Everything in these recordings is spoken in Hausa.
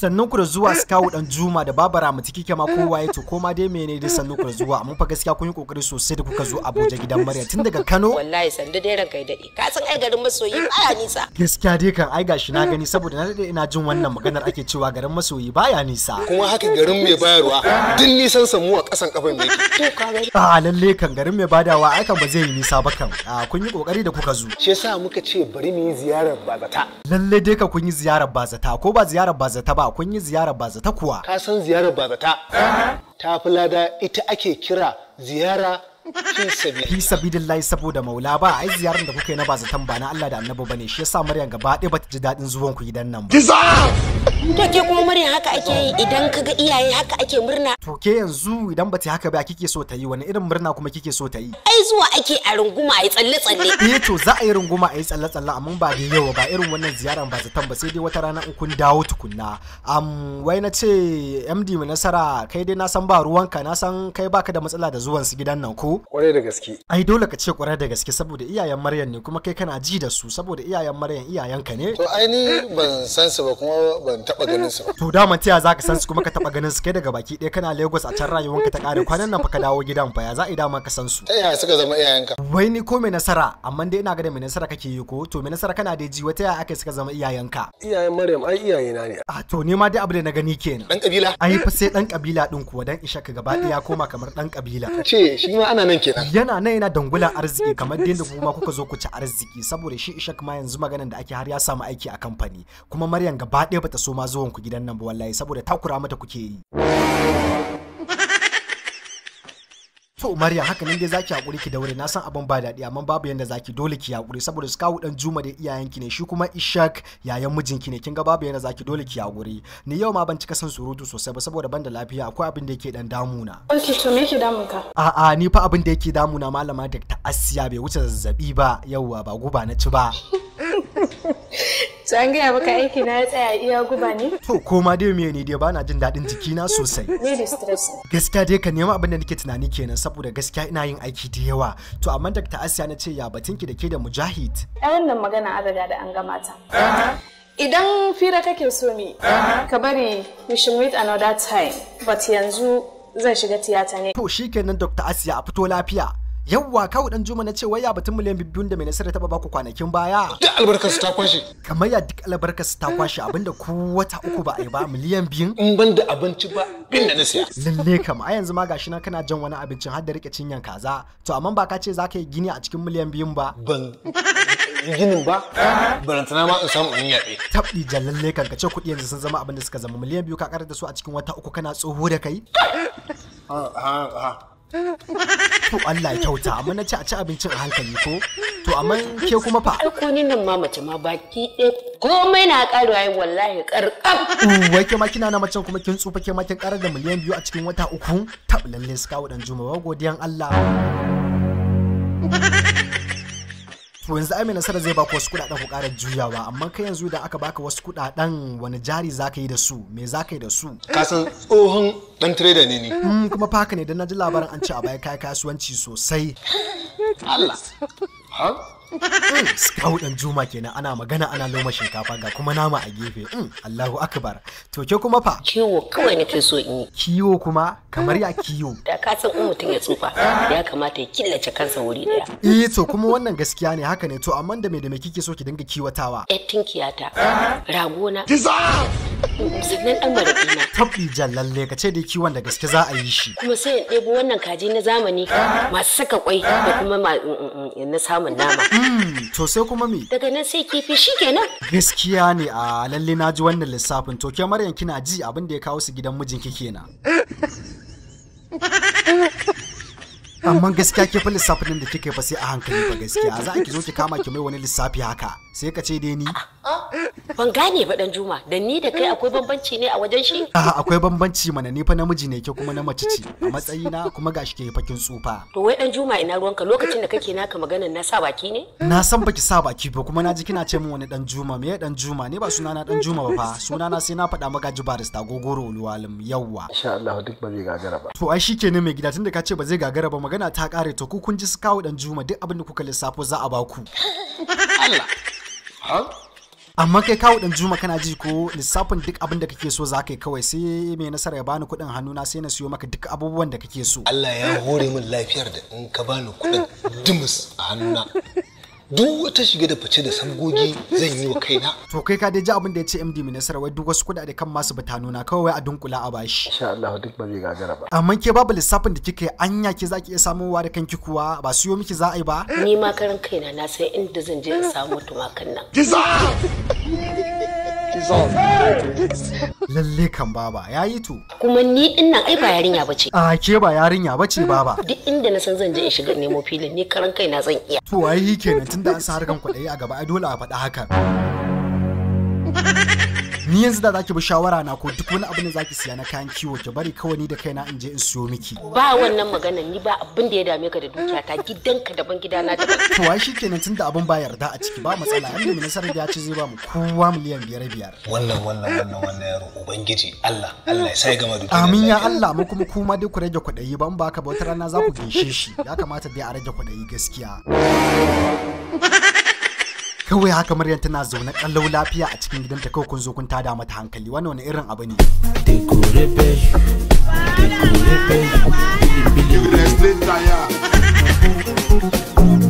sannan ku da zuwa scout dan juma da babara mu tiki kema kowa ya to koma dai mene dai sannan ku da zuwa amma fa gaskiya kun yi kokari sosai da kuka zo Abuja gidan Maryam tun daga Kano wallahi sandu dai ranka dade ka san ai garin masoyi baya nisa gaskiya dai kan ai gashi na gani saboda na dade ina jin wannan maganar ake cewa garin masoyi baya nisa kuma haka garin mai bayarwa duk nisan samu a kasan kafan mai to ka ga a ah, lalle kan garin mai badawa ai kan ba zai yi nisa ba kan ah, kun yi kokari da kuka zo shi yasa muka ce bari mu yi ziyarar bazata lalle dai ka kun yi ziyarar bazata ko ba ziyarar bazata ba kun yi ziyarar bazata kuwa. Ka san ziyarar bazata? Ta fi lada ita ake kira ziyara fi sabidillahi saboda maula ba ai ziyarar da kuka yi na bazatan ba na Allah da annabi bane shi yasa Maryam gaba ɗaya bata ji daɗin zuwan ku gidan nan ba to ke kuma Maryam haka ake yi idan ka ga iyaye haka ake murna to ke yanzu idan bata haka ba kike so ta yi wani irin murna kuma kike so ta yi ai zuwa ake a runguma a yi tsalle-tsalle. Eh to za a yi runguma a yi tsalle-tsalle amma ba da yawa ba irin wannan ziyara ba zaton ba sai dai wata rana in kun dawo tukunna. Am wai na ce MD mu nasara kai dai na san ba ruwanka na san kai baka da matsala da zuwan su gidan nan ko? Kwarai da gaske. Ai dole ka ce kwarai da gaske saboda iyayen Maryam ne kuma kai kana ji da su saboda iyayen Maryam iyayenka ne. To ai ni ban san su ba kuma ban taba ganin su ba. To da ta za ka san su kuma ka taba ganin su kai daga baki ɗaya kana Lagos a can rayuwanka ta kare kwanan nan fa ka dawo gidan fa ya za a yi dama ka san su. Ta yaya suka zama iyayenka wai ni ko mai nasara amma dai ina ga mai nasara kake yi ko to mai nasara kana da ji wata yaya aka suka zama iyayenka iyayen maryam ai iyaye na ne a ah, to ni ma dai abu da na gani kenan dan kabila ai fa sai dan kabila din kuwa dan isha ka gaba daya koma kamar dan kabila ce shi ma ana nan kenan yana nan yana dangula arziki kamar dai da kuma kuka zo ku ci arziki saboda shi isha ma yanzu maganan da ake har ya samu aiki a kamfani kuma maryam gaba daya bata so ma zuwon ku gidan nan ba wallahi saboda takura mata kuke yi to Maria haka nan dai zaki hakuri ki daure na san abin ba dadi amma babu yanda zaki dole ki hakuri saboda su kawo dan Juma da ki ne shi kuma Ishak yayan mijinki ne kin ga babu yanda zaki dole ki hakuri ni yau ma ban cika son surutu sosai ba saboda ban da lafiya akwai abin da yake dan damuna to me yake damunka a a ni fa abin da yake damuna malama Dr. Asiya bai wuce zazzabi ba yauwa ba guba na ci ba so an gaya maka aiki na ya tsaya iya guba ne to ko dai me ne dai ba na jin daɗin jikina sosai ne da stress gaskiya dai ka nema abin da nake tunani kenan saboda gaskiya ina yin aiki da yawa to amma Dr. Asiya na ce ya batinki da ke da Mujahid ai wannan magana an riga da an gama ta idan fira kake so mi ka bari we should meet another time but yanzu zan shiga tiyata ne to shikenan Dr. Asiya a fito lafiya yawwa kawo dan juma na ce wai ya batun miliyan biyu da mai nasara taba baku kwanakin baya duk albarkarsu ta kwashe kamar ya duk albarkarsu ta kwashe abinda ku wata uku ba a yi ba miliyan biyun in ban da abinci ba bin da na siya lalle kam a yanzu ma gashi nan kana jan wani abincin har da rike cinyan kaza to amma ba ka ce za ka yi gini a cikin miliyan biyun ba ban ginin ba barantana ma in samu in yaɗe tabdi jallalle kan ka ce kuɗi yanzu sun zama abin da suka zama miliyan biyu ka karar da su a cikin wata uku kana tsoho da kai To Allah ya kyauta amma na ci a ci abincin a hankali ko? To amma ke kuma fa? Ko ni nan ma mace ma baki ɗaya komai na ƙarewa yi wallahi ƙarƙam. Wai ke ma kina na macen kuma kin tsufa ke ma kin ƙarar da miliyan biyu a cikin wata uku? Tab lalle su kawo ɗan juma'a godiyan Allah. to yanzu ai mai nasara zai baka wasu kudaden ku ƙara juyawa amma kai yanzu da aka baka wasu kudaden wani jari zaka yi da su me zaka yi da su ka san tsohon dan trader ne ni hmm, kuma faka ne dan naji labarin an ce a baya kai kasuwanci sosai Allah Mm, Scout ɗan Juma kenan ana magana ana noma shinkafa ga kuma nama a gefe. Mm, Allahu akbar. To ke kuma fa? Kiwo kawai nake so in yi. Kiwo kuma kamar ya kiwo. Da ka san in mutum ya tsufa ya kamata ya killace kansa wuri daya. Eh to kuma wannan gaskiya ne haka ne to amma da me da me kike so ki dinga kiwatawa? Eh tinkiyata. Ragona. sannan dan mara tafi tabbi lalle ka ce da kiwon da gaske za a yi shi kuma sai ya ɗebo wannan kaji na zamani masu saka kwai da kuma mm, na samun nama Hmm. to sai kuma me? Daga nan sai kifi shi kenan. Gaskiya ne a lalle na ji wannan lissafin to ke Maryam kina ji abin da ya kawo su gidan mijin ki kenan. amma gaskiya ke fa lissafin da kika fa sai a hankali fa gaskiya za ki zo ki kama ki mai wani lissafi haka sai ka ce dai ni ah, ah. ban gane ba dan juma da ni da kai akwai bambanci ne a wajen shi a'a akwai bambanci mana ni fa namiji ne ke kuma na mace ce a matsayi na kuma gashi ke fakin tsufa to wai dan juma ina ruwanka lokacin da kake naka magana na sa baki ne na san baki sa baki ba kuma naji kina ce min wani dan juma me dan juma ne ba suna na dan juma ba fa suna na sai na faɗa maka ji barista gogoro ulwalim yawwa insha Allah duk ba zai gagara ba to ai shikenan mai gida tunda ka ce ba zai gagara ba magana ta kare to ku kun ji su kawo dan juma duk abin da kuka lissafo za a baku Allah amma kai kawo dan juma kana ji ko lissafin duk abin da kake so zaka yi kawai sai mai nasara ya bani kuɗin hannuna sai na siyo maka duk abubuwan da kake so Allah ya hore min lafiyar da in ka bani kuɗin dumus a hannuna duk wata shiga da fice da sangogi zan yi wa kaina. To kai ka da ji abin da ya ce MD mai wai duk wasu kuɗaɗe kan masu bata nuna kawai wai a dunkula a bashi. Insha Allah duk ba zai gagara ba. Amma ke babu lissafin da kika yi anya ke zaki iya samowa da kanki kuwa ba su yo miki za a yi ba. Ni ma karan kaina na san inda zan je in samu tumakan nan. result. Lalle kan baba ya yi to. Kuma ni din nan ai ba yarinya bace. A ke ba yarinya bace baba. Duk inda na san zan je in shiga nemo filin ni karan kaina zan iya. To ai kenan tunda an sa harkan kuɗi a gaba ai dole a faɗa hakan. ni yanzu da zaki bi shawara na ko duk wani abin da zaki siya na kayan kiwo ki bari kawai ni da kaina in je in siyo miki ba wannan magana ni ba abin da ya dame ka da dukiyata gidanka daban gidana daban to shi tun tunda abin ba yarda a ciki ba matsala an da nasarar ya ce zai ba mu kowa miliyan biyar biyar wannan wannan wannan wannan yaro ubangiji Allah Allah ya sai gama dukiya amin ya Allah mu kuma kuma dai ku rage kuɗayi ban ba ka ba wata rana za ku gaishe shi ya kamata dai a rage kwaɗayi gaskiya kawai haka maryam tana zaune kallo lafiya a cikin gidanta kawai kun zo kun tada mata hankali wannan wani irin abu ne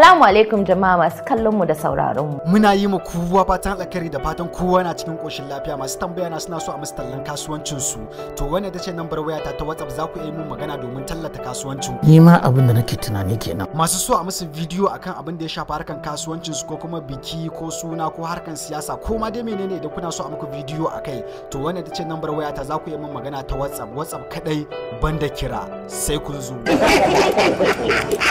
Assalamu alaikum jama'a masu kallon mu da sauraron mu. Muna yi muku kowa fatan alkhairi da fatan kowa na cikin koshin lafiya masu tambaya na suna so a musu tallan kasuwancin su. To wanda da ce number wayata ta WhatsApp za ku yi mun magana domin tallata kasuwancin ku. Ni ma abin da nake tunani kenan. Masu so a musu bidiyo akan abin da ya shafa harkan kasuwancin su ko kuma biki ko suna ko harkan siyasa ko ma dai menene idan kuna so a muku bidiyo akai. To wanda da ce waya wayata za ku yi mun magana ta WhatsApp WhatsApp kadai banda kira sai kun zo.